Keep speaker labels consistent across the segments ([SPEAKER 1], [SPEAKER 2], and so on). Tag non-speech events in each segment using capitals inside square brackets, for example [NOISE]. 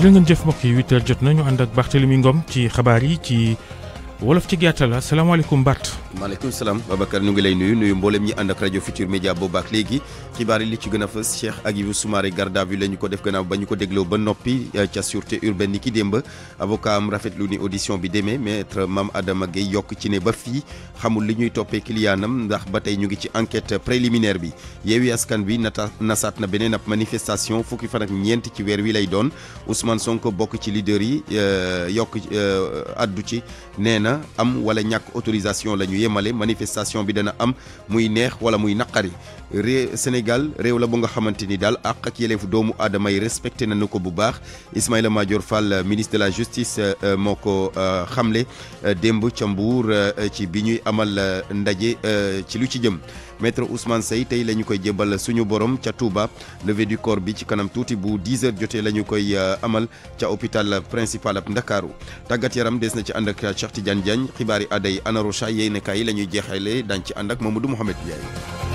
[SPEAKER 1] jërë ngeen jëf mbokk yi jot nañu ànd ak Barthélemy Ngom ci xabaar yi ci. wolof ci gàttal asalaamaaleykum Mbart.
[SPEAKER 2] maaleykum salaam Babacar ñu ngi lay nuyu nuyu mboolem ñi ànd ak rajo Futur Média boobaak léegi xibaar yi li ci gën a fës Cheikh Agibou Soumaré garde à lañu ko def gannaaw ba ñu ko dégloo ba noppi euh, ca sûreté urbaine ni ki démb avocat am rafetlu ni audition bi demee maître Mame Adama Gueye yokk ci ne ba fii xamul li ñuy toppee kiliyaanam ndax ba tey ñu ngi ci enquête préliminaire bi Yewwi Askan Wi nata nasaat na beneen ab manifestation fukki fan ak ñeent ci weer wi lay doon Ousmane Sonko bokk ci leader yi euh, yokk euh, addu ci nee na am wala ñàkk autorisation la ñu yemale manifestation bi dana am muy neex wala muy naqari réew Sénégal réew la bu nga xamante ni daal àq ak yeleefu doomu aadama yi respecté nañu ko bu baax Ismaïla Madior Fall euh, ministre de la justice euh, euh, moo ko xamle démb ca Mbuur ci bi ñuy amal ndaje ci lu ci jëm maître Ousmane Seye tey la ñu koy jébal suñu borom ca Touba levée du corps bi ci kanam tuuti bu 10 heures jotee la ñu koy amal ca hôpital principal ab Ndakaaru tàggat yaram des na ci ànd ak Cheikh Tidiane Diagne xibaari aday Ana Rocha yéenekaay yi la ñuy jeexalee daañu ci ànd ak Mamadou Mouhamed Ndiaye.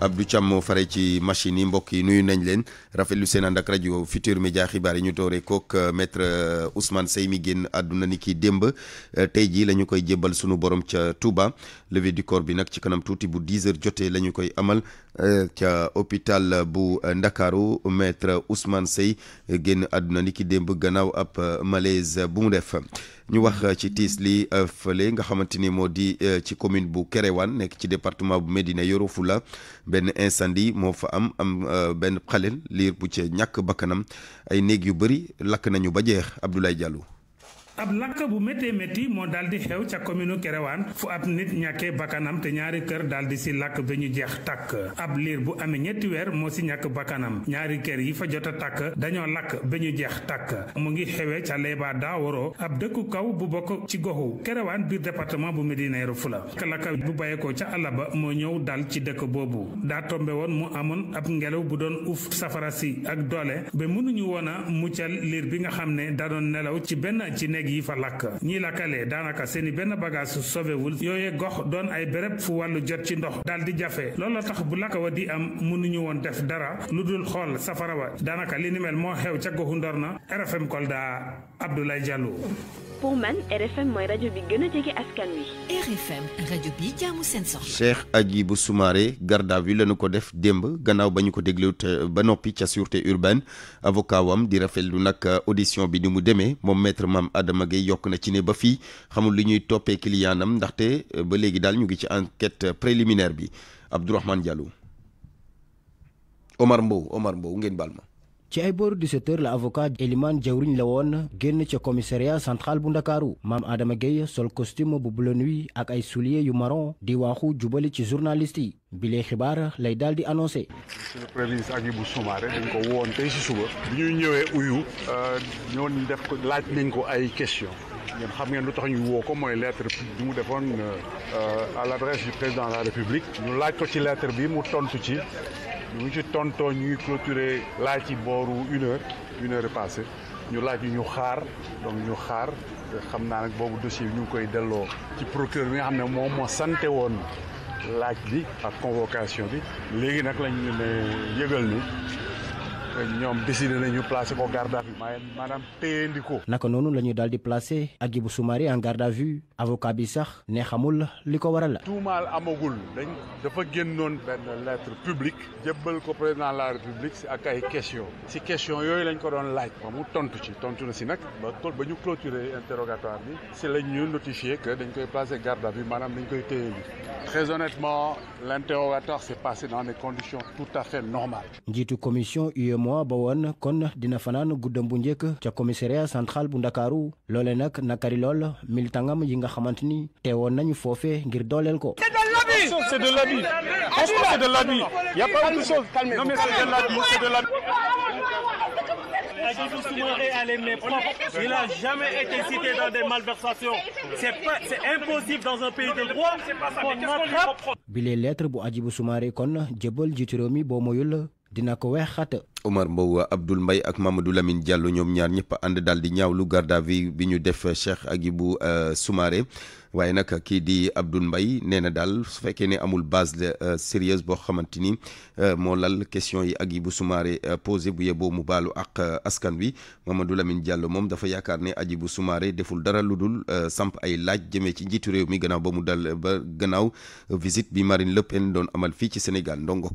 [SPEAKER 2] Abdou Thiam moo fare ci machine yi mbokk yi nuyu nañ leen rafetlu seen a ak rajo Futur Media xibaar yi ñu toore kook euh, maître euh, Ousmane Seye mi génn àdduna ni ki démb euh, tey jii la ñu koy jébbal sunu borom ca Touba. levée du corps bi nag ci kanam tuuti bu 10 heures jotee la ñu koy amal euh, ca hôpital bu euh, Ndakaaru maitre Ousmane sey euh, génn àdduna ni ki démb gannaaw ab malaise bu mu def ñu wax ci tiis li fële nga xamante ni moo di ci commune bu Kéréwan nekk ci département bu Médina Yoro Foulah benn incendie moo fa am am benn xalel liir bu ca ñàkk bakkanam ay néeg yu bëri lakk nañu ba jeex Abdoulaye Diallo
[SPEAKER 1] ab lakk bu méttee métti moo daal di xew ca commune Kerewaan fu ab nit ñàkkee bakkanam te ñaari kër daal di si lakk ba ñu jeex tàkk ab liir bu amee ñetti weer moo ci ñàkk bakkanam ñaari kër yi fa jot a tàkk dañoo lakk ba ñu jeex tàkk mu ngi xewee ca Leeba Daaworo ab dëkku kaw bu bokk ci goxu Kerewaan biir département bu Médina Yoro Foulah lakk bu bàyyeekoo ca ba moo ñëw dal ci dëkk boobu daa tombe woon mu amoon ab ngelaw bu doon uuf safara si ak doole ba mënuñu liir bi nga xam ne daa doon ci benn ci xeet yi fa làkk ñi làkkale daanaka seeni benn bagage su sovewul yooye gox doon ay béréb fu wàllu jot ci ndox daal di jafe looloo tax bu làkk wa di am mënuñu woon def dara lu dul xool safara wa daanaka li ni moo xew ca goxu Ndorna RFM Kolda Abdoulaye Diallo.
[SPEAKER 3] pour man RFM mooy rajo bi gën
[SPEAKER 2] ko def démb gannaaw ba ñu ko déglu ba noppi ca sûreté urbaine avocat wam di rafetlu nag audition bi di mu demee moom maître Mame Adama Gueye yokk na ci ne ba fii xamul li ñuy toppee kiliyaanam ndaxte ba léegi daal ñu ngi ci enquête préliminaire bi Abdourahmane Diallo Omar Mbow Omar Mbow ngeen baal ma.
[SPEAKER 4] ci ay booru 17h la avocat Elimane jawriñ la woon génn ca commissariat central bu ndakaaru maam Adama Gueye sol costume bu bleu nuit ak ay souliers yu marron di waaxu jubali ci journaliste yi bilee xibaar lay daal di annoncé. monsieur
[SPEAKER 5] le premier ministre Hadjibou Soumaré dañ ko woon tey su suba. bi ñuy ñëwee uyu. Euh, ñooñu def ko laaj nañ ko ay question ngeen xam ngeen lu tax ñu woo ko mooy lettre bi mu defoon euh, euh, à l' adresse président la république. ñu laaj ko ci lettre bi mu ñu ñu ci tontoo ñu ngi clôturer laaj ci booru une heure une heure passée ñu laaj ñu xaar donc ñu xaar xam naa nag boobu dossier bi ñu ngi koy delloo ci procureur bi nga xam ne moom moo sante woon laaj bi ak convocation bi léegi nag lañu ne yëgal ni ñoom décidé nañu placer ko garde à vue maanaam téyendi ko.
[SPEAKER 4] naka noonu la ñu daal di placer Hadjibou Soumaré en garde à vue avocat bi sax ne xamul li ko waral.
[SPEAKER 5] tuumaal amagul dañ dafa génnoon benn lettre publique jébbal ko président la république si ak ay question si question yooyu lañ ko doon laaj. ba mu tontu ci tontu na si nag ba ba ñu clôturer interrogatoire bi si lañ ñu dañ koy placer garde à vue maanaam dañ koy téyendi. très honnêtement l'interrogatoire s'est passé dans des conditions tout à fait
[SPEAKER 4] mois ba woon kon dina fanaan guddam bu njëkk ca commissariat central bu ndakaaru loole nag nakari lool militangam yi nga xamante ni teewoon nañu foofe ngir dooleel ko
[SPEAKER 1] c'est de
[SPEAKER 4] l'abus c'est de l'abus y a pas autre chose c'est de l'abus c'est de bu Adjibou Soumaré kon jëbal jiitu réew boo moyul dina ko weex xat
[SPEAKER 2] Omar Mbow Abdoul mbay ak Mamadou Lamine Diallo ñoom ñaar ñëpp ànd daal di ñaawlu garde à vue bi ñu def Cheikh Agibou euh, Soumaré waaye nag kii di abdul mbay nee na daal su fekkee ne amul base de euh, sérieuse boo xamante ni euh, moo lal question yi ak bu Soumaré posé bu yeboo mu baalu ak askan wi Mamadou Lamine jàll moom dafa yaakaar ne bu Soumaré deful dara lu dul samp ay laaj jëmee ci njiitu réew mi gannaaw ba mu dal ba gannaaw visite bi Marine Le Pen doon amal fii ci Sénégal ndongo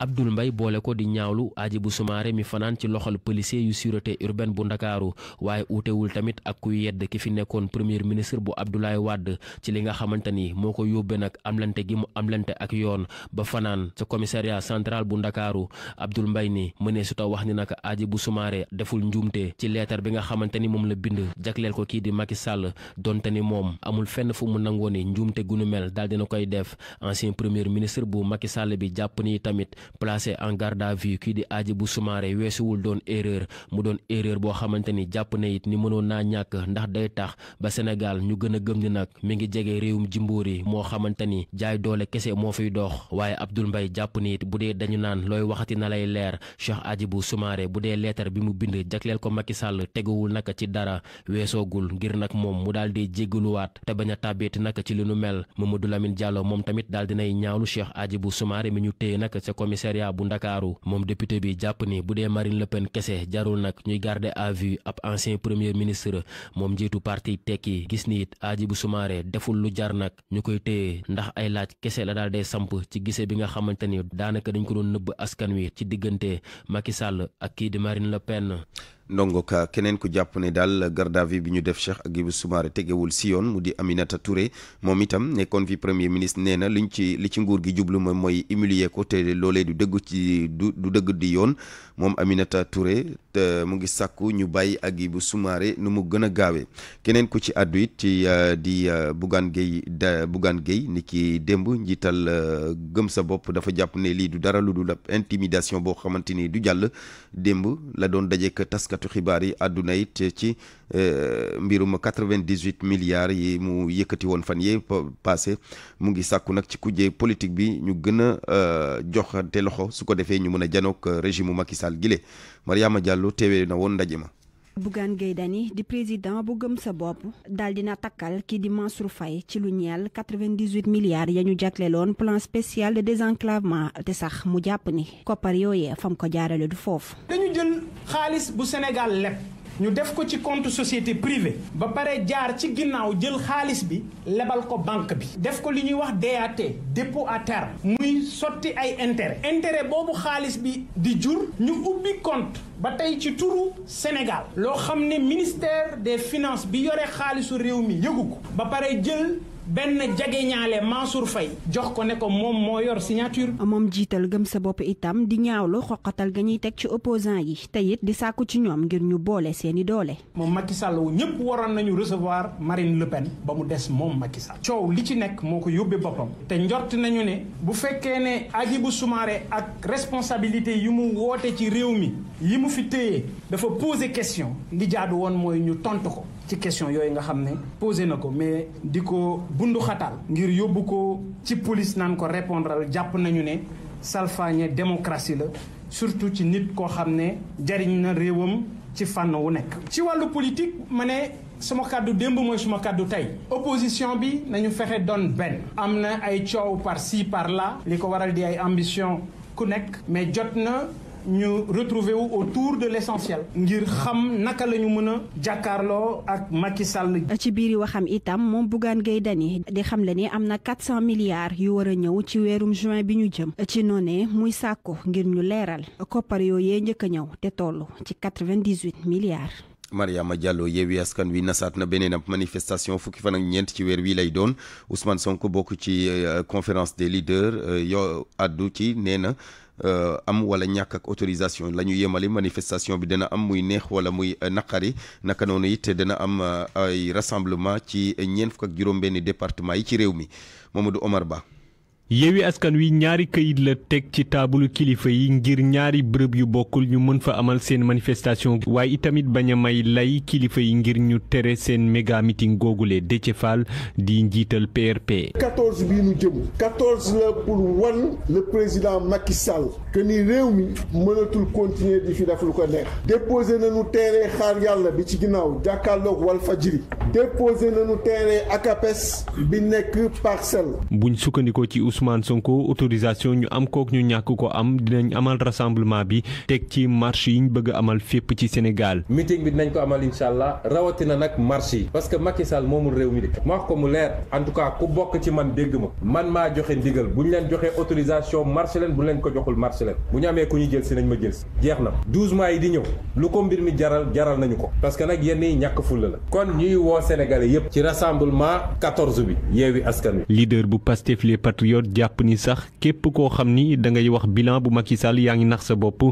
[SPEAKER 6] Abdoul mbay boole ko di ñaawlu bu Soumaré mi fanaan ci loxol policier yu sûreté urbaine bu ndakaaru waaye wutewul tamit ak kuy yedd ki fi nekkoon premier ministre bu Abdoulaye wadd ci li nga xamante ni moo ko yóbbee nag amlante gi mu amlante ak yoon ba fanaan ca commissariat central bu ndakaaru Abdoul Mbaye ni mënee su ta wax ni nag Hadjibou Soumaré deful njuumte ci leetar bi nga xamante ni moom la bind jagleel ko kii di Macky Sall donte ni moom amul fenn fu mu nangoo ni gu nu mel daal dina koy def ancien premier ministre bu Macky Sall bi jàpp nii tamit placé en garde à kii di Hadjibou Soumaré weesuwul doon erreur mu doon erreur boo xamante ni jàpp na it ni mënoon naa ñàkk ndax day tax ba senegal ñu gën a gëm ni nag mi ngi jege réewum jimboor yi moo xamante ni jaay doole kese moo fiy dox waaye Abdoul mbay jàpp ni it bu dee dañu naan looy waxati na lay leer Cheikh Hadjibou Soumaré bu dee leetar bi mu bind jagleel ko Macky Sall teguwul naka ci dara weesoogul ngir nag moom mu daal di jéggaluwaat te bañ a tàbbeeti naka ci li nu mel Mamadou Lamine Diallo moom tamit daal dinay ñaawlu Cheikh Hadjibou Soumaré mi ñu téye naka ca commissariat bu ndakaaru moom député bi jàpp ni bu dee Marine Le Pen kese jarul nag ñuy garde à vue ab ancien premier ministre moom njiitu parti tekki gis ni it bu Soumaré deful lu jar nag ñu koy téye ndax ay laaj kese la daal dee samp ci gise bi nga xamante ni daanaka dañ ko doon nëbb askan wi ci diggante Macky Sall ak kii di Marine Le Pen ndongo
[SPEAKER 2] ka keneen ku jàpp ne daal garde à bi ñu def Cheikh Agibou Soumaré tegewul si yoon mu di Aminata Touré moom itam nekkoon fi premier ministre nee na ñu ci li ci nguur gi jublu moom mooy humilier ko te loolee du dëgg ci du du dëgg di yoon moom Aminata Touré mu ngi sàkku ñu bàyyi ak Agibou Soumaré nu mu gën a gaawee keneen ku ci àddu it ci euh, di euh, Bougane Gueye da Bougane Gueye ni ki demb njiital euh, gëm sa bopp dafa jàpp ne lii du dara lu dul intimidation boo xamante ni du jàll démb la doon dajeek taskat taskatu xibaar yi àdduna it ci mbiruma eh, mbirum 98 milliards yi mu yëkkati woon fan yee passé mu ngi sàkku nag ci kujje politique bi ñu gën a eh, joxante loxo su ko defee ñu mun a janook eh, régime Macky Sall gile Mariama Diallo teewee na woon ndaje ma.
[SPEAKER 3] Bougane Gueye Dany di président bu gëm sa bopp daal dina takkal kii di Mansour Faye ci lu ñeel 98 milliards ya ñu jagleloon plan spécial de désenclavement te sax mu jàpp ni koppar yooyee fam ko jaarale du foofu
[SPEAKER 1] dañu jël xaalis bu Sénégal leb ñu def ko ci compte société privée ba pare jaar ci ginnaaw jël xaalis bi lebal ko banque bi def ko li ñuy wax DAT dépôt à terme muy sotti ay intérêt intéret boobu xaalis bi di jur ñu ubbi compte ba tey ci turu Sénégal loo xam ne ministère des finance bi yore xaalisu réew mi yëgu ko ba pare jël benn jegeñaale Mansour fay jox ko ne ko moom
[SPEAKER 3] moo yor signature moom jiital gëm sa bopp itam di ñaawlu xoqatal ga ñuy teg ci opposant yi te it di sàkku ci ñoom ngir ñu boole seeni doole
[SPEAKER 1] moom Macky Sall ñëpp waroon nañu recevoir Marine Le ba mu des moom Macky Sall coow li ci nekk moo ko yóbbee boppam te njort nañu ne bu fekkee ne Hadjibou Soumaré ak responsabilité yu mu woote ci réew mi yi mu fi téye dafa poser question li jaadu woon mooy ñu tontu ko ci question yooyu nga xam ne posé na ko mais di ko bundu xataal ngir yóbbu ko ci police naan ko répondral jàpp nañu ne salfaañe démocratie la surtout ci nit koo xam ne jariñ na réewam ci fànn wu nekk ci wàllu politique ma ne suma kàddu démb mooy suma kàddu tey opposition bi nañu fexe doon benn am na ay coow par ci par la li ko waral di ay ambition ku nekk mais jot na ñu retrouver wu autour de l'essentiel ngir xam naka la ñu mën a jàkkaarloo ak Macky Sall.
[SPEAKER 3] ci biir waxam itam moom Bougane Gueye Dany di xam le ni am na 400 milliards yu war a ñëw ci weerum juin bi ñu jëm ci noonee muy sàkko ngir ñu leeral koppar yee njëkk ñëw te toll ci 98 milliards.
[SPEAKER 2] Mariama Diallo yeewi askan wi nasaat na beneen ab manifestation fukki fan ak ñeent ci weer wii lay doon Ousmane sonk bokk ci euh, conférence de leaders euh, yoo addu ci nee na Euh, am wala ñàkk autorisation la ñu yemale manifestation bi dana am muy neex wala muy euh, naqari naka noonu it dana am euh, ay rassemblement ci ñeent fukk ak juróom-benni département yi ci réew mi Mamadou Omar Ba.
[SPEAKER 7] Yewwi Askan Wi ñaari këyit la teg ci taabulu kilifa yi ngir ñaari bërëb yu bokkul ñu mën fa amal seen manifestation waaye itamit bañ may lay kilifa yi ngir ñu tere seen méga googu googule Déthié Fall di njiital PRP.
[SPEAKER 8] 14 bii nu jëm 14 la pour wan le président Macky Sall que ni réew mi mënatul continuer di fi def lu ko neex. déposé nañu teere xaar yàlla bi ci ginnaaw jàkkaarloog Walfadjri déposé nañu teere akapes bi nekk parcelle.
[SPEAKER 7] buñ sukkandikoo ci Ousmane Sonko autorisation ñu am kook ñu ñàkk ko am dinañ amal rassemblement bi teg ci marche yi ñu bëgg a amal fépp ci Sénégal. meeting
[SPEAKER 9] bi dinañ ko amal incha allah rawatina nag marche yi parce que Macky Sall moomul réew mi de ma wax ko mu leer en tout cas ku bokk ci man dégg ma man maa joxe ndigal bu ñu leen joxee autorisation marche leen bu ñu leen ko joxul marche leen bu ñu amee ku ñu jël si nañ ma jël si jeex na 12 mois yi di ñëw lu ko mbir mi jaral jaral nañu ko parce que nag yenn yi ñàkk fulla la kon ñuy woo Sénégalais yëpp ci rassemblement 14 bi yeewi askan
[SPEAKER 7] wi leader bu Pastef les patriotes jàpp ni sax képp koo xam ni da ngay wax bilan bu Macky Sall yaa ngi nax sa bopp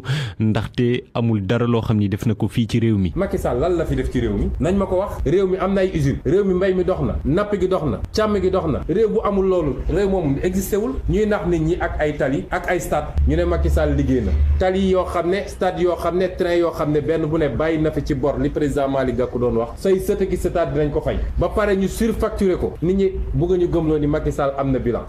[SPEAKER 7] ndaxte amul dara loo xam ni def na ko fii ci réew mi.
[SPEAKER 9] Macky Sall lan la fi def ci réew mi nañ ma ko wax réew mi am na ay usines réew mi mbay mi dox na napp gi dox na càmm gi dox na réew bu amul loolu réew moom existé wul ñuy nax nit ñi ak ay tali ak ay stade ñu ne Macky Sall liggéey na tali yoo xam ne stade yoo xam ne train yoo xam ne benn bu ne bàyyi na fi ci bor li président Malick Gakou doon wax say sëtëki stade dinañ ko fay ba pare ñu surfacturé ko nit ñi bëgg ñu gëmloo ni Macky Sall am na bilan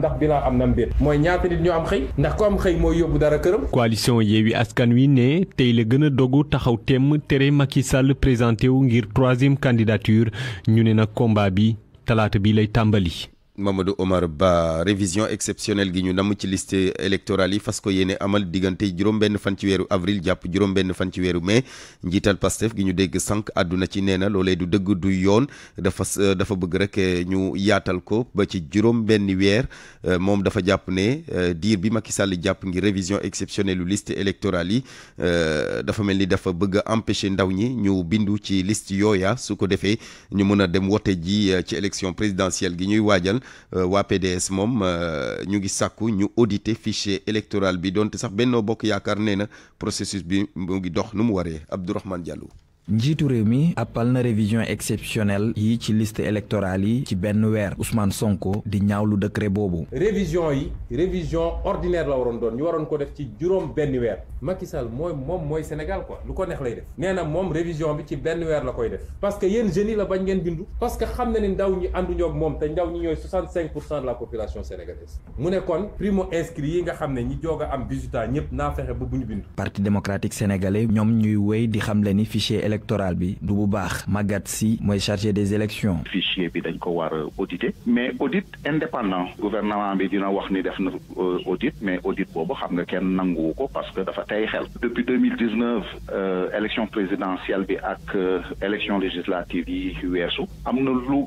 [SPEAKER 9] ndax bi naa am na mbir mooy ñaata nit ñoo am xëy ndax ko am
[SPEAKER 7] xëy mooy yóbbu dara këram. coalition Yewwi Askan Wi ne tey la gën a dogu taxaw temm tere Macky Sall présenté wu ngir troisième candidature ñu ne nag combat bi talaata bi lay tàmbali.
[SPEAKER 2] Mamadou Omar Ba révision exceptionnelle gi ñu nam ci liste électorale yi fas ko yéene amal diggante juróom-benn fan ci weeru avril jàpp juróom-benn fan ci weeru mai njiital Pastef gi ñu dégg sànq àdduna ci nee na loolee du dëgg du yoon dafa dafa bëgg rek ñu yaatal ko ba ci juróom-benn weer euh, moom dafa jàpp ne euh, diir bi Macky Sall jàpp ngir révision exceptionnelle lu liste électorale yi euh, dafa mel ni dafa bëgg a ndaw ñi ñu bindu ci liste yooya su ko defee ñu mën a dem wote ji ci élection présidentielle gi ñuy waajal. Euh, waa PDS moom euh, ñu ngi sàkku ñu auditer fichier électoral bi donte sax Benno Bokk Yaakaar nee na processus bi mu ngi dox nu mu waree Abdourahmane Diallo.
[SPEAKER 10] njiitu réew mi appal na révision exceptionnelle yi ci liste électorale yi ci benn weer Ousmane Sonko di ñaaw ñaawlu décret boobu.
[SPEAKER 9] révision yi révision ordinaire la waroon doon ñu waroon ko def ci juróom benn weer Macky Sall mooy moom mooy Sénégal quoi lu ko neex lay def nee na moom révision bi ci benn weer la koy def parce que yéen jeunes yi la bañ ngeen bindu parce que xam na ne ndaw ñi ànduñoo ak moom te ndaw ñi ñooy 65 pour cent de la population sénégalaise mu ne kon primo inscrit yi nga xam ne ñi joog am résultat ñëpp naa fexe ba bu ñu bindu.
[SPEAKER 10] parti démocratique sénégalais ñoom ñuy wéy di xamle ni fichier électoral bi du bu baax Maguette si mooy chargé des élections
[SPEAKER 1] fichier bi dañ ko war auditer mais audit indépendant gouvernement bi dina wax ni def na euh, audit mais audit boobu xam nga kenn nanguwu ko parce que dafa tey xel depuis deux mille dix neuf euh, élection présidentielle
[SPEAKER 8] bi ak euh, élection législative yi weesu am na lu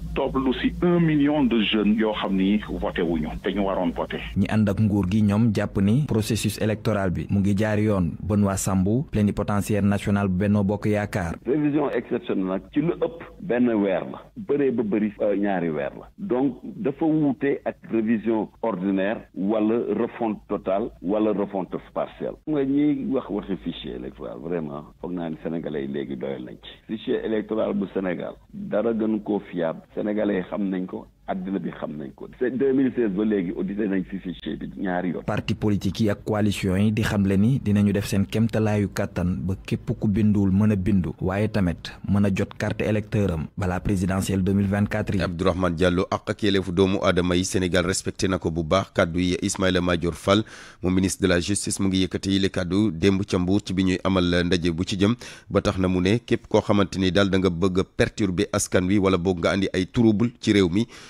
[SPEAKER 8] lu si un million
[SPEAKER 1] de jeunes yoo xam ni voté wuñu te ñu waroon voté
[SPEAKER 10] ñi ànd ak nguur gi ñoom jàpp ni processus électoral bi mu ngi jaar yoon Benoît Sambou plénipotentiaire national Benno Bokk Yaakaar milliards
[SPEAKER 11] prévision exceptionnelle nag ci lu ëpp benn weer la bëree ba bëri euh, ñaari weer la donc dafa wuute ak révision ordinaire wala refonte totale wala refonte partielle nga ñuy wax waxi fichier électoral vraiment foog naa ni sénégalais yi léegi doyal nañ ci fichier électoral bu Sénégal dara gën koo fiable sénégalais yi xam nañ ko àddina xam nañ ko. ba léegi audité nañ ci fichier bi ñaari parti
[SPEAKER 10] politique yi ak coalition yi di xamle ni dinañu def seen kéemtalaayu kàttan ba képp ku binduwul mën a bindu waaye tamit mën a jot carte électeur am balaa présidentielle 2024 yi.
[SPEAKER 2] Abdourahmane Diallo ak ak yelleefu doomu aadama yi Sénégal respecté na ko bu baax kàddu yi Ismaïla Madior fal mu ministre de la justice mu ngi yëkkati yile kàddu démb ca Mbuur ci bi ñuy amal ndaje bu ci jëm ba tax na mu ne képp koo xamante ni daal da nga bëgg a perturber askan wi wala boog nga andi ay trouble ci réew mi.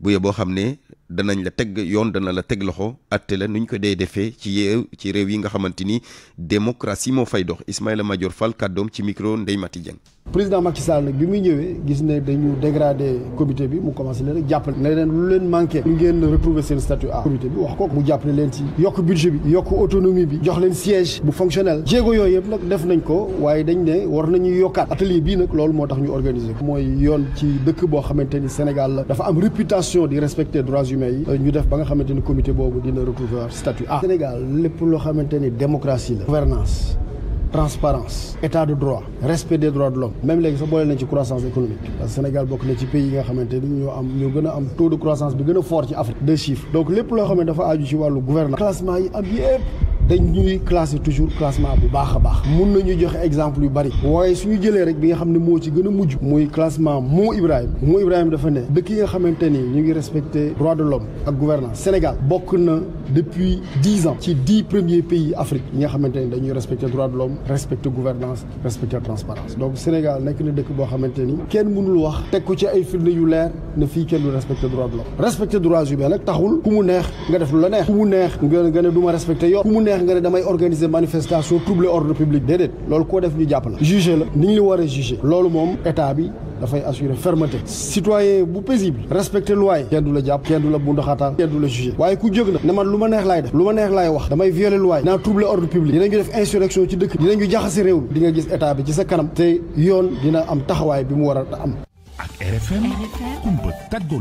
[SPEAKER 2] bu yeboo xam ne danañ la teg yoon dana la teg loxo atte la nuñ ko dee defee ci yéew réew yi nga xamante ni démocratie moo fay dox Ismaïla Madior Fall doom ci micro Ndeye Mati Dieng.
[SPEAKER 8] président Macky Sall nag bi muy ñëwee gis ne dañu dégradé comité bi mu commencé leen jàppale ne leen lu leen manqué ñu ngeen retrouver seen statut à comité bi wax ko mu jàppale leen ci yokk budget bi yokk autonomie bi jox leen siège bu fonctionnel jéego yooyu yëpp nag def nañ ko waaye dañ ne war nañu yokkaat atelier bii nag loolu moo tax ñu organiser ko mooy yoon ci dëkk boo xamante ni Sénégal la dafa am réputation mission di respecter droits humains yi ñu def ba nga xamante ni comité boobu dina retrouver statut ah Sénégal lépp loo xamante ni démocratie la gouvernance transparence état de droit respect des droits de l'homme même léegi sax boole nañ ci croissance économique parce que Sénégal bokk na ci pays yi nga xamante ni ñoo am ñoo gën a am taux de croissance bi gën a fort ci Afrique deux chiffres donc lépp loo xam ne dafa aju ci wàllu gouvernance classement yi am yëpp dañ ñuy classé toujours classement bu baax a baax mun nañu joxe exemple yu bari waaye ñu jëlee rek bi nga xam ne moo ci gën a mujj muy classement Mont Ibrahima mu Ibrahima dafa ne dëkk yi nga xamante ni ñu ngi respecté droit de l'homme ak gouvernance Sénégal bokk na depuis dix ans ci dix premiers pays Afrique yi nga xamante ni dañuy respecté droit de l'homme respecté gouvernance respecté transparence donc Sénégal nekk na dëkk boo xamante ni kenn mënul wax teg ci ay firnde yu leer ne fii kenn du respecté droit de respecté droits humains taxul mu neex def lu neex mu neex nga ne du ma respecté yoon mu neex neex nga ne damay organiser manifestation troubler ordre public déedéet loolu koo def ñu jàpp la jugé la ni ñu war a jugé loolu moom état bi dafay assurer fermeté citoyen bu paisible respecter loi kenn du la jàpp kenn du la bundaxaataal kenn du la jugé waaye ku jóg na ne man lu ma neex laay def lu ma neex laay wax damay violer loi yi naa troubler ordre public dinañu def insurrection ci dëkk dinañu jaxase réew mi di nga gis état ci sa kanam te yoon dina am taxawaay bi mu war a am
[SPEAKER 12] ak RFM kumpa
[SPEAKER 1] tàggoo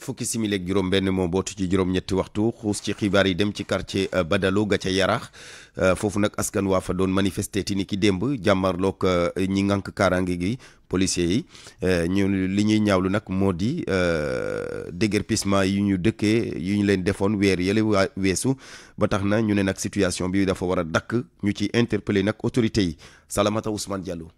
[SPEAKER 2] fukki simili ak juróom benn moo bootu ci juróom ñetti waxtu xuus ci xibaar yi dem ci quartier euh, Badalo ga ca Yaraax euh, foofu nag askan waa fa doon manifester ti ni ki démb jàmmarloog euh, ñi ngànk kaaraange gi policiers yi ñu li ñuy ñaawlu nag moo di déguerpissement yi ñu dëkkee yu ñu leen defoon weer yële waa weesu ba tax na ñu ne nag situation bi dafa war a dakk ñu ci interpeller nag autorités yi Salamata Ousmane Diallo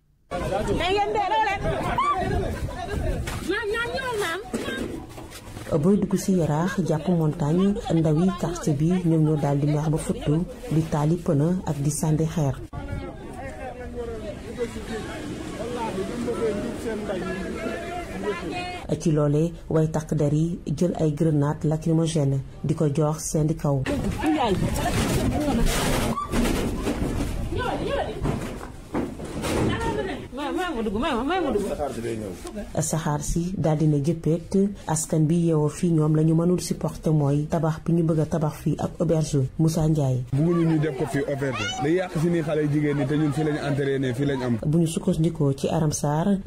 [SPEAKER 3] booy dugg si yaraax jàpp montagne ndaw yi quartier bi ñoom ñoo daal di mer ba futtu di taali pëna ak di sànni xeer ci loole way takk der yi jël ay grenade lacrymogène di ko jox seen kaw
[SPEAKER 13] ma ma
[SPEAKER 3] saxaar si daal na jëppeet askan bi yeewoo fii ñoom la ñu mënul supporter mooy tabax bi ñu bëgg a tabax fii ak auberge Moussa Ndiaye.
[SPEAKER 11] bëgguñu ñu def ko fii auberge day yàq suñuy xale jigéen ñi te ñun fii lañ entraîné fii lañ am.
[SPEAKER 3] bu ñu sukkandikoo ci Aram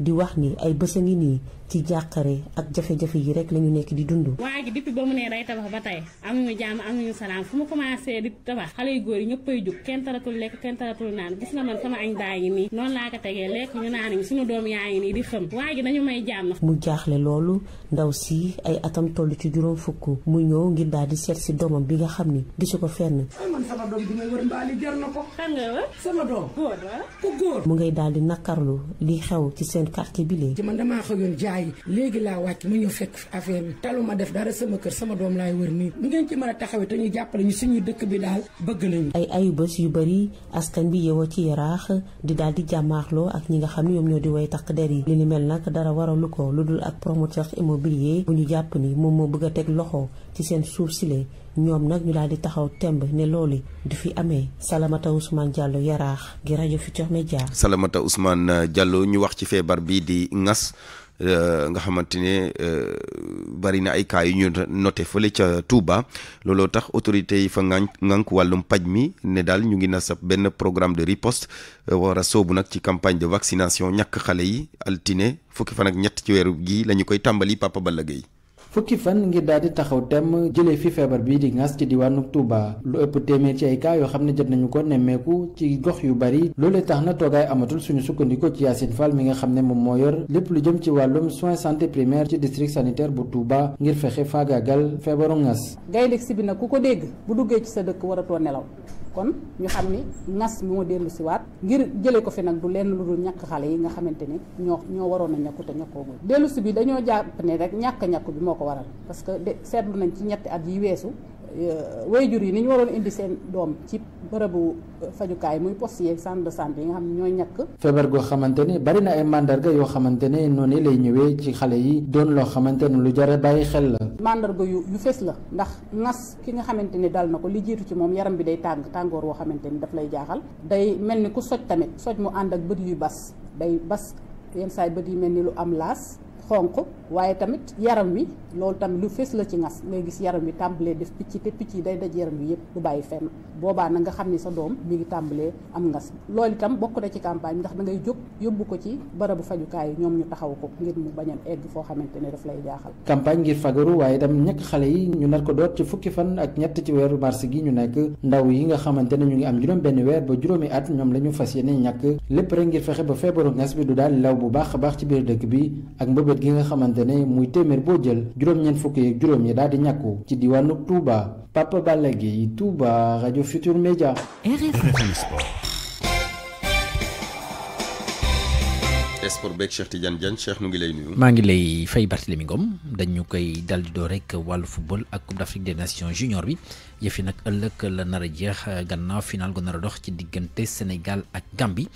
[SPEAKER 3] di wax ni ay bës a ngi nii ci jàqare ak jafe-jafe yi rek la nekk di dund.
[SPEAKER 14] waa ji depuis ba mu ne day tabax ba tey amuñu jàmm amuñu salaam fu mu commencé di tabax xale yu góor yi ñëpp ay jóg kenn taratul lekk kenn taratul naan gis nga man sama añ daa ngi nii noonu laa ko tegee lekk ñu naan ñu suñu doom yaa ngi nii di xëm waa ji dañu may jàmm.
[SPEAKER 3] mu jaaxle loolu ndaw si ay atam toll ci juróom fukk mu ñëw ngir daal di seet si doomam bi nga xam ni gisu ko fenn. man sama doom bi may wër mbaali jar na nga wër sama doom. mu ngay daal di bàyyi léegi laa wàcc ma ñëw fekk affaire bi taluma def dara sama kër sama doom laay wër nii bu ngeen ci mën a taxawee te ñu jàppale ñu suñu dëkk bi daal bëgg nañu. ay ayu yu bëri askan bi yeewoo ci yaraax di daal di jàmmaaxloo ak ñi nga xam ne ñoom di way takk der yi li ni mel nag dara waralu ko lu dul ak promoteur immobilier bu ñu jàpp ni moom moo bëgg a teg loxo ci seen suuf sile ñoom nag ñu daal di taxaw temb ne loolu du fi amee Salamata Ousmane Diallo yaraax gi rajo Futurs Médias
[SPEAKER 2] Salamata Ousmane Diallo ñu wax ci feebar bi di nas Euh, nga xamante ne euh, bari na ay cas yu ñu noté fële ca Touba looloo tax autorité yi fa ngan ngànk wàllum paj mi ne daal ñu ngi nasab benn programme de riposte euh, war a soobu nag ci campagne de vaccination ñàkk xale yi altine fukki fan ak ñett ci weeru gi lañu koy tàmbali Papa Balla Gueye
[SPEAKER 15] fukki
[SPEAKER 16] fan ngir daal di taxaw temm jëlee fi feebar bi di ngas ci diwaanu Touba lu ëpp téeméer ci ay cas yoo xam ne jot nañu ko nemmeeku ci gox yu bari loolee tax na toogaay amatul suñu sukkandiku ci Yacine Fall mi nga xam ne moom moo yor lépp lu jëm ci wàllum soins santé primaire ci district sanitaire bu Touba ngir fexe faagaagal feebaru ngas
[SPEAKER 14] gaynde si bi nag ku ko dégg bu duggee ci sa dëkk waratoo nelaw kon ñu xam ni nas moo dellu siwaat ngir jële ko fi nag du lenn lu dul ñàkk xale yi nga xamante ni ñoo ñoo waroon a ñàkku te ñàkkoogul dellu si bi dañoo jàpp ne rek ñàkk ñàkk bi moo ko waral parce que seetlu nañ ci ñetti at yi weesu Euh, wayjur yi ni ñu waroon indi seen doom ci bërëbu euh, fajukaay muy poste yeeg centre de santé yi nga xam ñooy ñàkk.
[SPEAKER 16] feebar goo xamante ni bari na ay mandarga yoo xamante ne noonu lay ñëwee ci xale yi doon loo xamante ne lu jara bàyyi xel
[SPEAKER 14] la. màndarga yu yu fees la ndax nas ki nga xamante ni dal na ko li jiitu ci moom yaram bi day tàng tàngoor woo xamante ni daf lay jaaxal day mel ni ku soj tamit soj mu ànd ak bët yuy bas day bas yenn saa bët yi mel ni lu am laas. xonq waaye tamit yaram wi loolu tamit lu fees la ci ngas ngay gis yaram wi tàmbalee def picc te picc yi day daj yaram wi yëpp du bàyyi fenn boobaa nag nga xam ni sa doom mi ngi tàmbalee am ngas loolu itam bokk na ci campagne ndax da ngay jóg yóbbu ko ci barabu fajukaay yi ñoom ñu taxaw ko ngir bañ egg foo xamante ne daf lay jaaxal
[SPEAKER 16] campagne ngir fagaru waaye itam ñekk xale yi ñu nar ko doot ci fukki fan ak ñett ci weeru mars gi ñu nekk ndaw yi nga xamante ne ñu ngi am juróom benn weer ba juróomi at ñoom la ñu fas yéene ñàkk lépp rek ngir fexe ba feebaru ngas bi du daal law bu baax baax ci biir dëkk bi wet gi nga xamante ne muy téeméer boo jël juróom fukk juróom yi daal di ñàkku ci diwaanu Touba Papa Balla Gueye Touba rajo Futur
[SPEAKER 2] Média. sport beeg Cheikh Tidiane Diagne maa ngi
[SPEAKER 17] lay fay Barthélémy Ngom dañu koy dal di doo rek wàll football ak Coupe d'Afrique des Nations junior bi yëf yi nag ëllëg la nar a jeex gannaaw final gu nar a dox ci diggante Sénégal ak Gambie.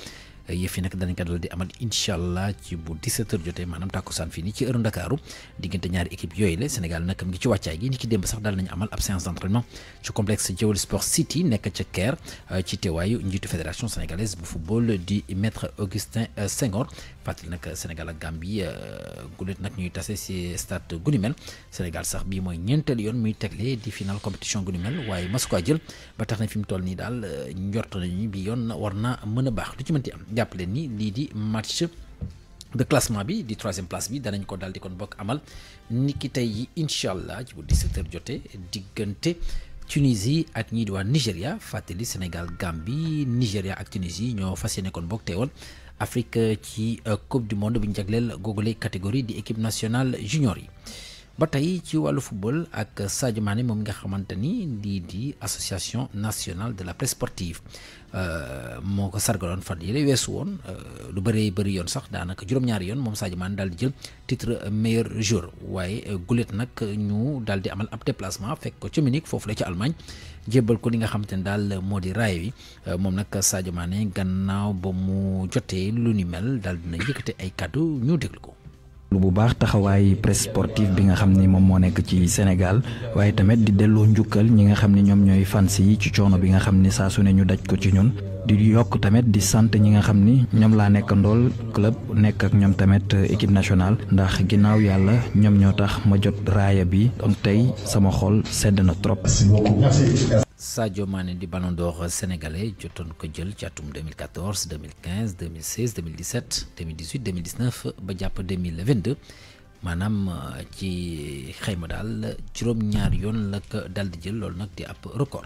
[SPEAKER 17] yëf yi nag danañ ko dal di amal incha ci bu 17h jotee maanaam tàkkusaan fii nii ci heure Ndakaaru diggante ñaari équipe yooyu la Sénégal nag mu ngi ci wàccaay gi ni ki démb sax daal nañu amal ab séance d'entraînement ci complexe Jewel Sport City nekk ca Caire euh, ci teewaayu njiitu fédération sénégalaise bu football di maître Augustin euh, Senghor fàttali nag Sénégal ak Gambie euh, gulet nag ñuy tase si stade gunimel Sénégal sax bii mooy ñeenteel yoon muy tegle di final compétition gunimel waaye masu jël ba tax na fi mu toll nii daal euh, njort nañu bi yoon war na mën a baax lu ci man mënti am jàppale nii lii di match de classement bi di troisième place bi danañ ko daal di kon bokk amal niki tey yi incha allah ci bu 17 heures jotee diggante Tunisie ak ñii di waa Nigéria fàttali Sénégal Gambie Nigéria ak Tunisie ñoo fas yéene kon bokk teewal. Afrique ci euh, coupe du monde bu ñu jagleel googule catégorie di équipe nationale junior yi ba tey ci wàllu football ak Sadio Mané moom nga xamante ni lii di association nationale de la presse sportive euh, moo ko sargaloon fan yi lay weesu woon euh, lu bëree bëri yoon sax daanaka juróom-ñaari yoon moom Sadio Mané daal di jël titre meilleur joueur waaye euh, gulet nag ñu daal di amal ab déplacement fekk ko ci Munich foofu la ci Allemagne jébbal ko li nga xamante ni daal moo di raay yi moom nag Sadio Mané gannaaw ba mu jotee lu ni mel daal dina yëkkate ay kàddu ñu déglu ko.
[SPEAKER 10] lu bu baax taxawaay presse sportive bi nga xam ni moom moo nekk ci Sénégal waaye tamit di delloo njukkal ñi nga xam ni ñoom ñooy fansi yi ci coono bi nga xam ni saa su ne ñu daj ko ci ñun di yokk tamit di sant ñi nga xam ni ñoom laa nekk ndool club nekk ak ñoom tamit équipe national ndax ginnaaw yàlla ñoom ñoo tax ma jot raaya bi donc tey sama xol sedd na trop.
[SPEAKER 17] Sadio Mané di ballon d'or sénégalais jotoon ko jël ci atum 2014 2015 2016 2017 2018 2019 ba jàpp 2022 maanaam euh, ci xayma daal juróom-ñaar yoon la ko dal di jël loolu nag di ab record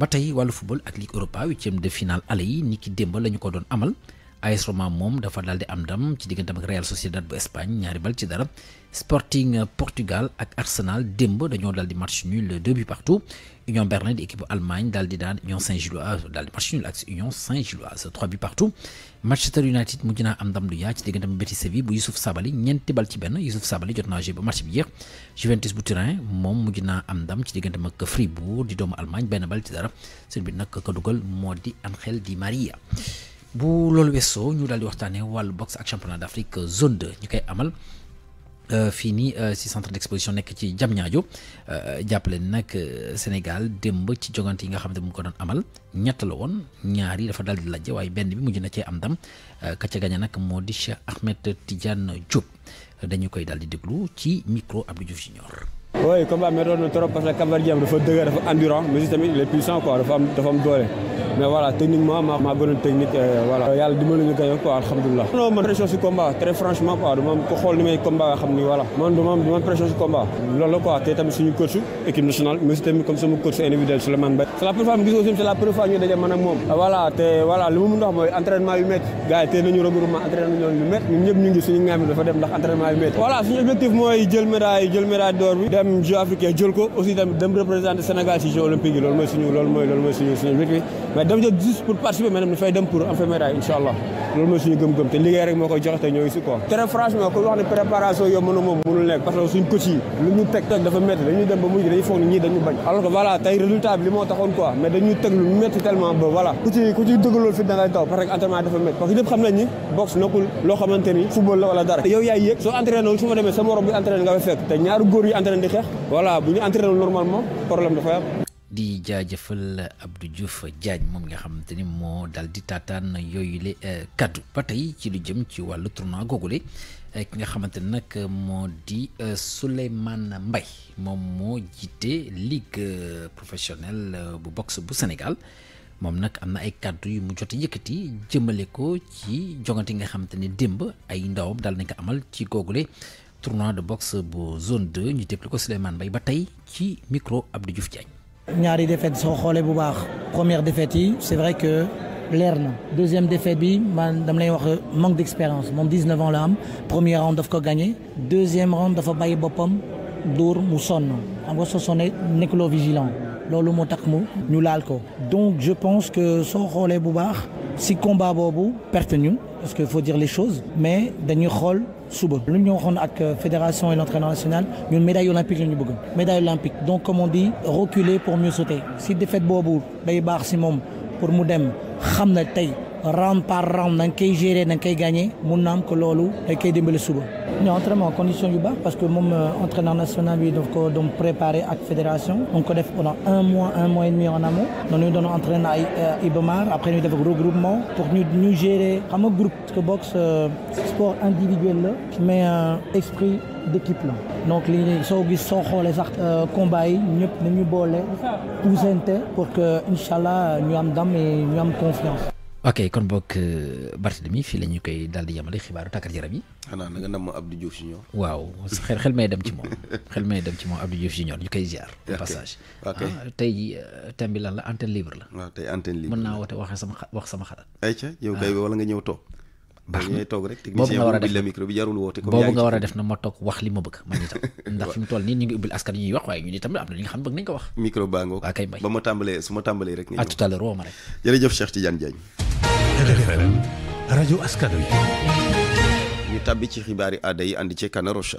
[SPEAKER 17] ba tey wàllu football ak Ligue Europa huitième de finale aller yi ni ki démb la ñu ko doon amal. ay Roma moom dafa daal am ndam ci diggantam ak Real Sociedad bu Espagne ñaari bal ci dara Sporting euh, Portugal ak Arsenal démb dañoo daal di match nul deux buts partout Union Berlin di équipe bu Allemagne daal di daan Union Saint-Gilloise daal match nul ak Union Saint-Gilloise naa am ndam lu yaa ci diggantam Betis Séville bu Youssouf Sabaly ñeenti bal ci benn Youssouf Sabaly match bi jeex Juventus bu Turin moom mujj na am ndam ci diggantam ak Fribourg di doomu Allemagne benn bal ci dara seen bi nag ka dugal moo di Angel Di Maria. bu loolu weesoo ñu daal waxtaanee wàllu boxe ak championnat d'Afrique zone 2 ñu koy amal. Euh, fii nii si euh, centre d'exposition nekk ci Diamniadio euh, jàppale nag Sénégal démb ci jogante yi nga xam ne mu ko doon amal ñett la woon ñaar yi dafa daal di lajje waaye benn bi mujj na cee am dam ka ca gañe nag moo di Cheikh Ahmed Tidiane Diop dañu koy daal di déglu ci micro Abdou Diouf Junior
[SPEAKER 11] oui combat métoon na trop parce que Cap-Verdien dafa dëgër dafa endurant mais tamit il est puissant dafa am doole mais voilà techniquement maa maa gënoon te tamit suñu coach équipe nationale mais tamit comme sama coach individuel Souleymane Mbaye c'est la première fois mu gis aussi c'est la première fois ñu daje man moom ah, voilà te voilà li mu mën mooy entraînement yu métti gars yi nañu regroupement entraînement yu métti ñun ñëpp ñu ngi suñu ngaami dafa dem ndax entraînement tam te liggéey rek koy wax ne préparation yow moom mënul nekk parce que suñu coach yi lu ñu teg dafa métti dañuy dem ba mujj ba voilà ku ci ku ci fi da ngay taw parce que entraînement dafa métti parce que ñëpp xam nañ ni nokkul loo xamante ni football la wala dara yow yaay yëg soo entraîné wul su demee sa morom bi entraîné nga fekk te ñaari góor yi entraîné xeex voilà bu ñu entraîné normalement problème dafay am.
[SPEAKER 17] di jaajëfal abdu Diouf jaaj moom nga xamante ni moo daal di taataan na le euh, kaddu ba tey ci lu jëm ci wàllu tournoi googule euh, ki nga xamante ne nag moo di euh, Souleymane mbay moom moo jiite ligue professionnelle bu boxe bu Sénégal moom nag am na ay kaddu yu mu jot a yëkkati jëmale ko ci jongante yi nga xamante ni démb ay ndawam daal nañ ko amal ci googule tournoi de boxe bu zone 2 ñu déglu ko Souleymane Mbaye ba
[SPEAKER 18] ñaari défaite soo xoolee bu baax première défaite yi c'est vrai que leer na deuxième défaite bi man dama lay wax manque d'expérience moom 19 ans la am premier round daf ko gagné deuxième round dafa bàyyi boppam dóor mu sonn xam nga soo sonnee nekkuloo vigilant loolu moo tax mu ñu laal ko donc je pense que soo xoolee bu baax si combat boobu perte ñu parce que faut dire les choses mais dañuy xool suba lu ñu waxoon ak fédération et l'entraîneur national ñun médaille olympique la ñu bëgg médaille olympique donc comme on dit reculer pour mieux sauter si défaite boobu day baax si moom pour mu dem xam na tey round par round na nga koy gérer na nga koy gagné mun na loolu day koy dimbali suba. non entraînement condition yu baax parce que moom euh, entraîneur national bi daf ko doon préparé ak fédération on ko def pendant un mois un mois et demi en amont noonu ñu doon entraîné ay euh, Ibamar après ñu def regroupement pour ñu ñu gérer xam nga groupe parce que boxe euh, sport individuel la mais esprit d'équipe la donc li soo gis soo xoolee sax combat yi ñëpp nañu boole poussante pour que incha allah ñu am dam et ñu am confiance.
[SPEAKER 17] ok kon boog euh, Barthélemy fii la ñu koy daal di yemale xibaaru tàggat yaram yi. xanaa na nga nam ma Abdou Diouf Junior. waaw xel xel may dem ci moom xel may dem ci moom Abdou Diouf Junior ñu koy ziar. passage ah, tey jii euh, bi lan la antenne libre la. waaw tey antenne libre naa woote waxee sama wax sama xalaat.
[SPEAKER 2] ayca yow kay ah. wala nga ñëw toog. baax na toog rek technicien boobu nga war a def la micro bi jarul woote a
[SPEAKER 17] na ma toog wax li ma bëgg man itam [LAUGHS] ndax fi
[SPEAKER 2] mu toll nii ñu ngi ubbil askan ñuy wax waaye ñun itam am na li nga xam bëgg nañ ko wax micro baa ngoog waa kay ba ma tàmbalee su ma tàmbalee rek à tout à l'heure woo ma rek
[SPEAKER 9] rajo askan wi
[SPEAKER 2] ñu tàbbi ci xibaari aada yi ànd ci Kana Rocha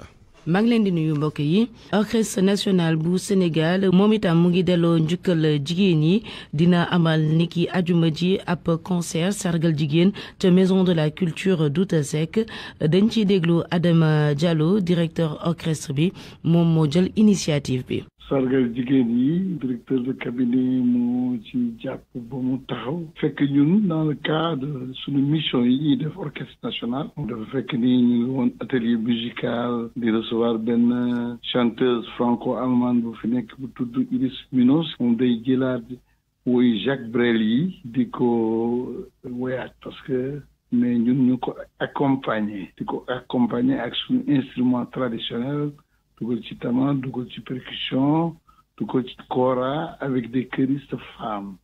[SPEAKER 13] maa leen di nuyu mbokk yi orchestre national bu Sénégal moom itam mu ngi delloo njukkal jigéen yi dina amal ni niki ajuma ji ab concert sargal jigéen ca maison de la culture Douta Seck dañ ciy déglu Adama jalo directeur orchestre bi moom moo jël initiative bi
[SPEAKER 8] sargal jigéen yi directeur de cabinet moo ci jàpp ba mu taxaw fekk ñun dans le cadre suñu mission yi ñuy def orchestre national dafa fekk ni ñu ngi woon atelier musical di recevoir benn chanteuse franco-allemande bu fi nekk bu tudd Iris Minos moom day jëlaat woy Jacques Brel yi di ko woyaat parce que mais ñun ñu ko accompagner di ko accompagner ak suñu instrument traditionnel dugal ci tama dugal ci percussion dugal ci kora avec des choristes femmes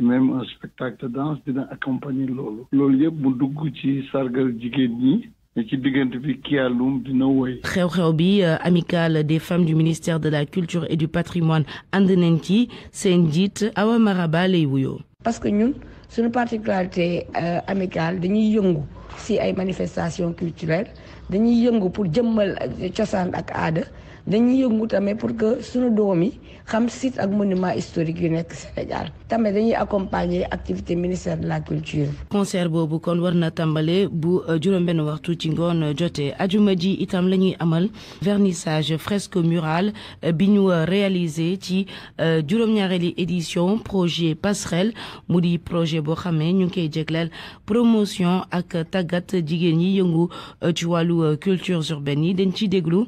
[SPEAKER 8] même un spectacle de danse dina accompagner loolu loolu yëpp mu dugg ci sargal jigéen ñi mais ci diggante bi Kialoum dina woy
[SPEAKER 13] xew-xew bi euh, amicale des femmes du ministère de la culture et du patrimoine ànd nañ ci seen njiit Awa Maraba lay wuyoo parce que ñun suñu particularité euh, amicale dañuy yëngu si ay manifestation culturelles dañuy yëngu pour jëmmal cosaan ak aada dañuy yëngu tamit pour que suñu doom yi xam site ak monument historique yu nekk Sénégal tamit dañuy accompagner activité ministère de la culture. concert boobu kon war na tàmbale bu euh, juróom-benn waxtu ci ngoon jotee ajuma ji itam la ñuy amal vernissage fresque murale euh, bi ñu euh, réalisé ci juróom-ñaareeli édition projet passerelle mu di projet boo xamee ñu ngi koy jégleel promotion ak tàggat jigéen yi yëngu ci wàllu culture benn yi dañ ci déglu.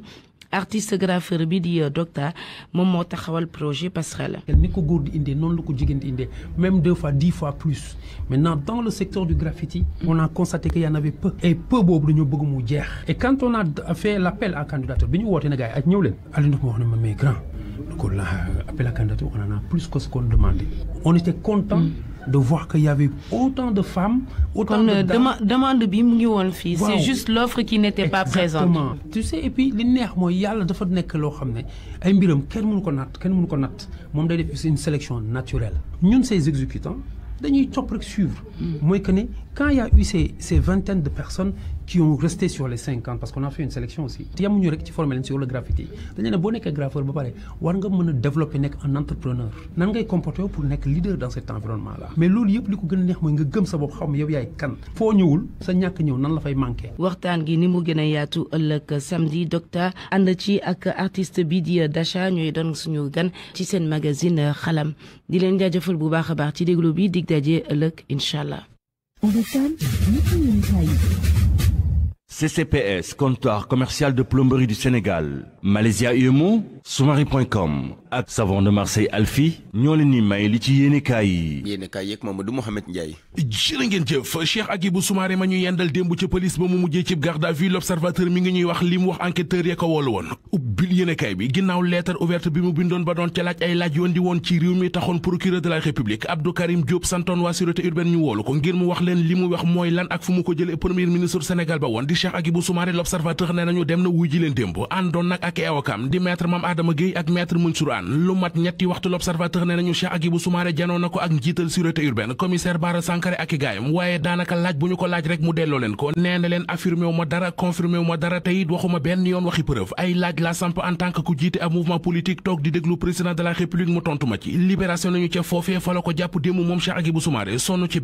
[SPEAKER 13] artiste graffeur bi di euh, Docta moom moo taxawal projet passerelle. ni ko góor di indee noonu la ko jigéen di indee même deux fois
[SPEAKER 15] dix fois plus maintenant dans le secteur du graffiti. Mm. on a constaté que y peu. et peu boobu dañoo bëgg mu jeex. et quand on a fait l' appel à candidature bi ñu woote na gars yi ak ah, ñëw leen. Aliou Ndao wax ma mais grand. donc là euh, appel à candidature on en a plus que ce qu'on de voir qu'il y autant de femmes. autant de dames
[SPEAKER 13] demande bi mu ngi woon fii. c'est juste l'offre qui n'était pas présente.
[SPEAKER 15] tu sais et puis li neex mooy yàlla dafa nekk loo xam ne ay mbiram kenn mënu ko natt kenn mënu ko natt moom day def une sélection naturelle. ñun ces exécutants dañuy topp rek suivre. Mm. mooy que ne quand il y a eu ces ces vingtaines de personnes qui ont resté sur les cinquante parce qu'on a fait une sélection aussi yemuñu rek ci former leen sur le graffiti dañu ne boo nekkee graffeur ba pare war nga mën a développer nekk un entrepreneur nan ngay comporter pour nekk leader dans cet environnement là mais loolu yëpp li ko gën a neex mooy nga gëm sa bopp xam yow yaay kan foo ñëwul sa ñàkk ñëw nan la fay manqué
[SPEAKER 13] waxtaan gi ni mu gën a yaatu ëllëg samedi docteur ànd ci ak artiste bi di Dacha ñooy doon suñu gan ci seen magazine xalam di leen jaajëfal bu baax a baax ci déglu bi dig daje ëllëg incha allah
[SPEAKER 12] CCPS, comptoir commercial de plomberie du Sénégal. Malaysia UMO, soumari.com. ak savon de Alfi ñoo leen may li ci yéenekaay yi. yéenekaay
[SPEAKER 2] yeeg Mamadou Mouhamed Ndiaye.
[SPEAKER 12] jërë ngeen jëf Cheikh Agibou Soumaré ma ñu yendal démb ca police ba mu mujjee ci garde à mi ngi ñuy wax li mu wax enquêteur ya ko woolu woon ubbil yéenekaay bi ginnaaw lettre ouverte bi mu bindoon ba doon ca laaj ay laaj yoon di woon ci réew mi taxoon procureur de la république Abdou Karim Diop santoon waa sûreté urbaine ñu woolu ko ngir mu wax leen li alxuraan lu mat ñetti waxtu l'observateur ne nañu Cheikh Agibou Soumaré janoo na ko ak njiital sûreté urbaine commissaire Bara Sankare ak i gaayam waaye daanaka laaj bu ñu ko laaj rek mu delloo leen ko nee leen affirmé dara confirmé dara te waxuma benn yoon waxi preuve ay laaj la samp en ku jiite ab mouvement politique toog di déglu président de la mu tontu ci libération nañu ca foofee fa ko jàpp démb moom Cheikh Agibou Soumaré sonn ci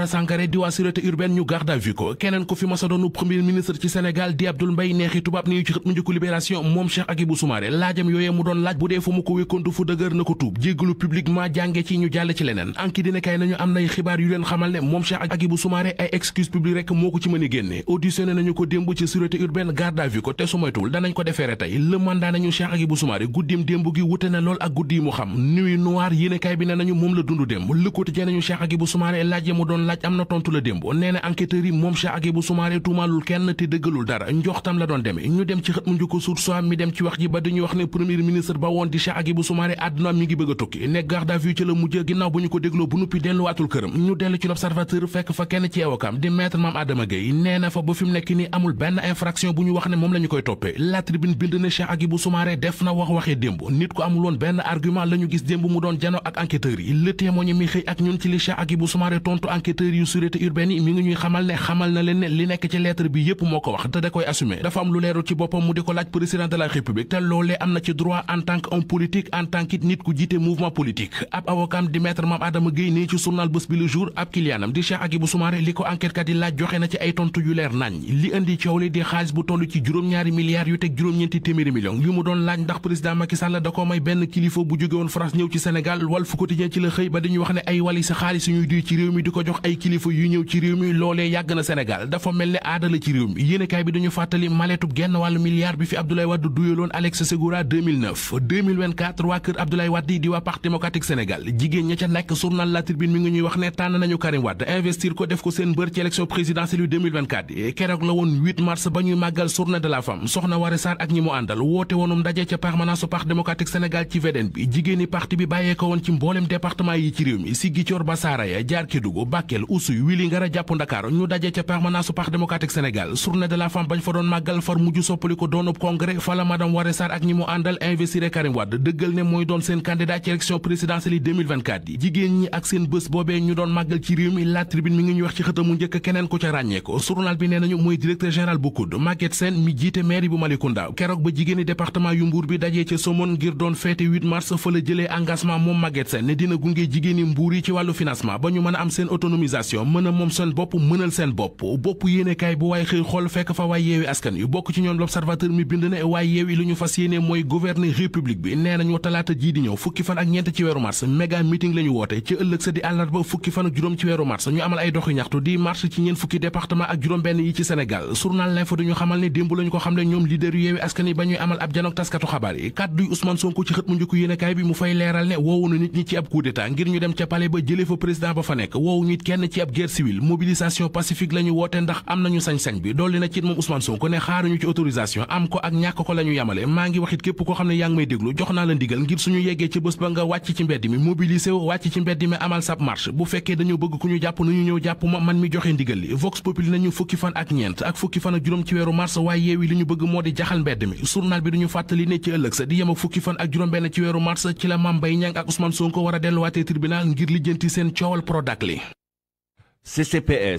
[SPEAKER 12] Bara Sankaré di waa urbaine ñu garde à ko keneen ku fi masa doonu premier ministre ci Sénégal di Abdoul Mbaye neexi tubaab ni ñu ci xët mu njëkku libération moom Cheikh Agibou Soumaré laajam yooyee laaj bu mu ko wékkoon yi mu xam nuit noire yéene bi ne nañu moom la dundu démb le quotidien nañu Cheikh Agibou Soumaré laaj ya mu doon laaj am na tontu la démb nee na enquêteurs yi moom Cheikh Agibou Soumaré tuumaalul kenn te dëggalul dara njoxtam la doon demee ñu dem ci xët mu njëkk Source A mi dem ci wax ji ba dañuy wax ne premier ministre ba woon di Cheikh Agibou Soumaré àdduna mi ngi bëgg tukki nekk garde à vue ci la mujj ginnaaw bu ñu ko dégloo bu nuppi delluwaatul këram ñu dellu ci l'observateur fekk fa kenn ci ewokaam di maître Mame Adama Gueye nee na fa ba fi nekk ni enquêteur yu yi mi ngi ñuy xamal ne xamal na leen li nekk ci lettre bi yépp moo ko wax da koy assumer dafa am lu leeru ci boppam mu di ko laaj président de république te loolee am na ci droit en tant qu'homme politique en tant nit ku jiite mouvement politique ab avocat di maître Mame Adama Guèye nii ci journal Bës Bi Le Jour ab kiliyaanam di Cheikh Agibou Soumaré li ko enquête kat laaj joxe na ci ay tontu yu leer nañ li indi coow li di xaalis bu toll ci ay kilifa yu ñëw ci réew mi loolee yàgg na Sénégal dafa mel ne aada ci réew mi yéenekaay bi dañu fàttali maletub genn wàllu milliard bi fi Abdoulaye Wade duyaloon Alex Segura waa kër Abdoulaye Wade di waa Parti démocratique Sénégal jigéen ña ca nekk journal La Tribune mi ngi ñuy wax ne tànn nañu Karim Wade investir ko def ko seen mbër ci élection présidentielle yu keroog la woon 8 ba ñuy màggal journée de la soxna Waré ak ñi mu àndal woote Bakel usuy wili ngara jàpp Ndakaaru ñu daje ca permanence su parti démocratique Sénégal journée bañ fa doon màggal far mujj soppali ko doonub congrès fa la madame Waré ak ñi mu àndal investir Karim Wade dëggal ne mooy doon seen candidat ci élection présidentielle jigéen ñi ak seen bés boobee ñu doon màggal ci réew mi la mi ngi ñuy wax ci xëtamu njëkk keneen ku ca ràññee ko bi nee nañu mooy directeur général bu COUD Maguette Sène mi jiite mën a moom seen bopp mënal seen bopp bopp yéenekaay bu waaye xëy xool fekk fa waaye yeewi askan yu bokk ci ñoom l'observateur mi bind ne waaye yeewi li ñu fas yéene mooy gouverner république bi nee nañu talaata jii di ñëw fukki fan ak ñeent ci weeru mars méga meeting la woote ci ëllëg sa di àllarba fukki fan ak juróom ci weeru mars ñu amal ay doxi ñaxtu di marche ci ñeent fukki département ak juróom benn yi ci Sénégal journal L'Info dañu xamal ne démb lañu ko xam ne ñoom leader yu yeewi askan yi ba ñuy amal ab janook taskatu xabaar yi kàddu bi mu fay leeral ne woowu na nit ngir ñu dem ca palais ba jëlee fa président ba fa na ci ab guerre civile mobilisation pacifique la ñu woote ndax am nañu sañ-sañ bi dolli na ci moom Ousmane Sonko ne xaaruñu ci autorisation am ko ak ñàkk ko la ñu yamale maa ngi waxit képp ko xam ne yaa ngi may déglu jox naa la ndigal ngir suñu yeggee ci bés ba nga wàcc ci mbedd mi mobilisé wu wàcc ci mbedd mi amal sab marche bu fekkee dañoo bëgg ku ñu jàpp nañu ñëw jàpp ma man mi joxe ndigal li vox populi nañu fukki fan ak ñeent ak fukki fan ak juróom ci weeru mars waaye yeewi li moo di jaxal mbedd mi journal bi duñu fàttali ne ci ëllëg sa di yem ak fukki fan ak juróom benn ci weeru mars ci la Mame Mbaye seen coowal Prodac CCPS